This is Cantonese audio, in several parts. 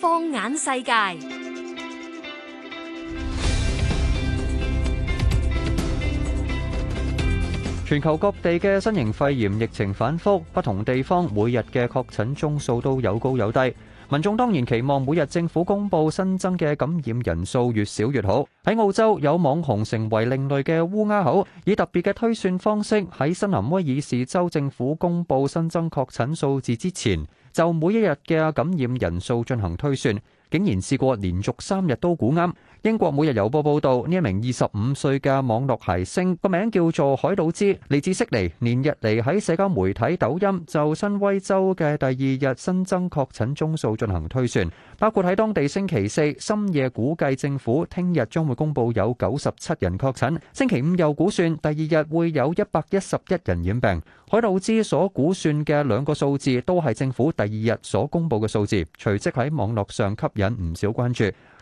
放眼世界，全球各地嘅新型肺炎疫情反覆，不同地方每日嘅確診宗數都有高有低。民眾當然期望每日政府公布新增嘅感染人數越少越好。喺澳洲，有網紅成為另類嘅烏鴉口，以特別嘅推算方式喺新南威爾士州政府公布新增確診數字之前，就每一日嘅感染人數進行推算。竟然試過連續三日都估啱！英國每日郵報報導，呢一名25歲嘅網絡諧星，個名叫做海魯茲，嚟自悉尼，連日嚟喺社交媒體抖音就新威州嘅第二日新增確診宗數進行推算，包括喺當地星期四深夜估計政府聽日將會公佈有97人確診，星期五又估算第二日會有一百一十一人染病。海魯茲所估算嘅兩個數字都係政府第二日所公佈嘅數字，隨即喺網絡上吸引。引唔少關注。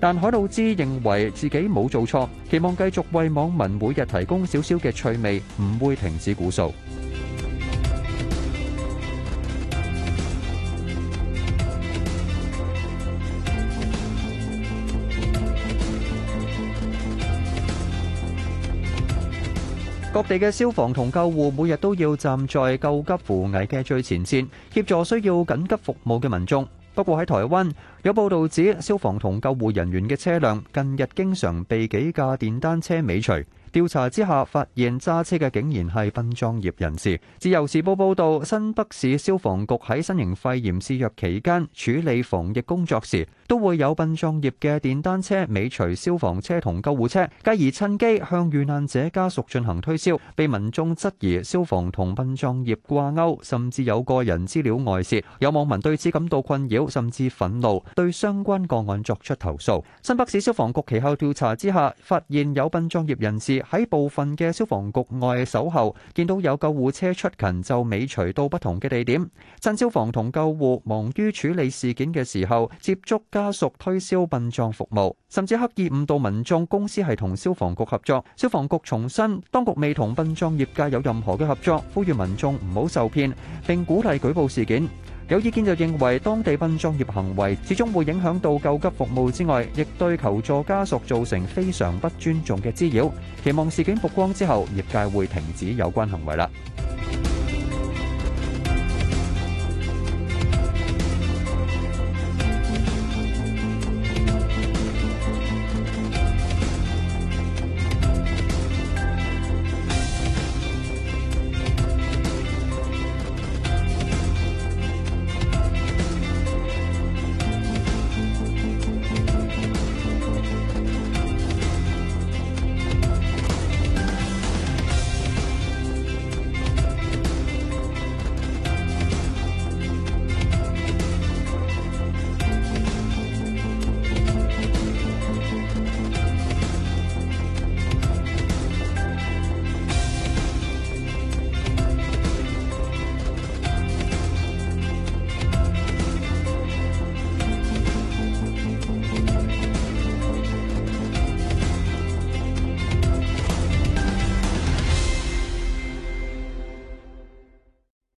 但海老枝認為自己冇做錯，期望繼續為網民每日提供少少嘅趣味，唔會停止估數。各地嘅消防同救護每日都要站在救急扶危嘅最前線，協助需要緊急服務嘅民眾。不過喺台灣，有報道指消防同救護人員嘅車輛近日經常被幾架電單車尾隨。調查之下，發現揸車嘅竟然係殯葬業人士。自由時報報導，新北市消防局喺新型肺炎肆虐期間處理防疫工作時，都會有殯葬業嘅電單車尾隨消防車同救護車，繼而趁機向遇難者家屬進行推銷，被民眾質疑消防同殯葬業掛鈎，甚至有個人資料外洩。有網民對此感到困擾，甚至憤怒，對相關個案作出投訴。新北市消防局其後調查之下，發現有殯葬業人士，喺部分嘅消防局外守候，見到有救護車出勤就尾隨到不同嘅地點。趁消防同救護忙於處理事件嘅時候，接觸家屬推銷殯葬服務，甚至刻意誤導民眾公司係同消防局合作。消防局重申，當局未同殯葬業界有任何嘅合作，呼籲民眾唔好受騙，並鼓勵舉報事件。有意見就認為，當地殯葬業行為始終會影響到救急服務之外，亦對求助家屬造成非常不尊重嘅滋擾。期望事件曝光之後，業界會停止有關行為啦。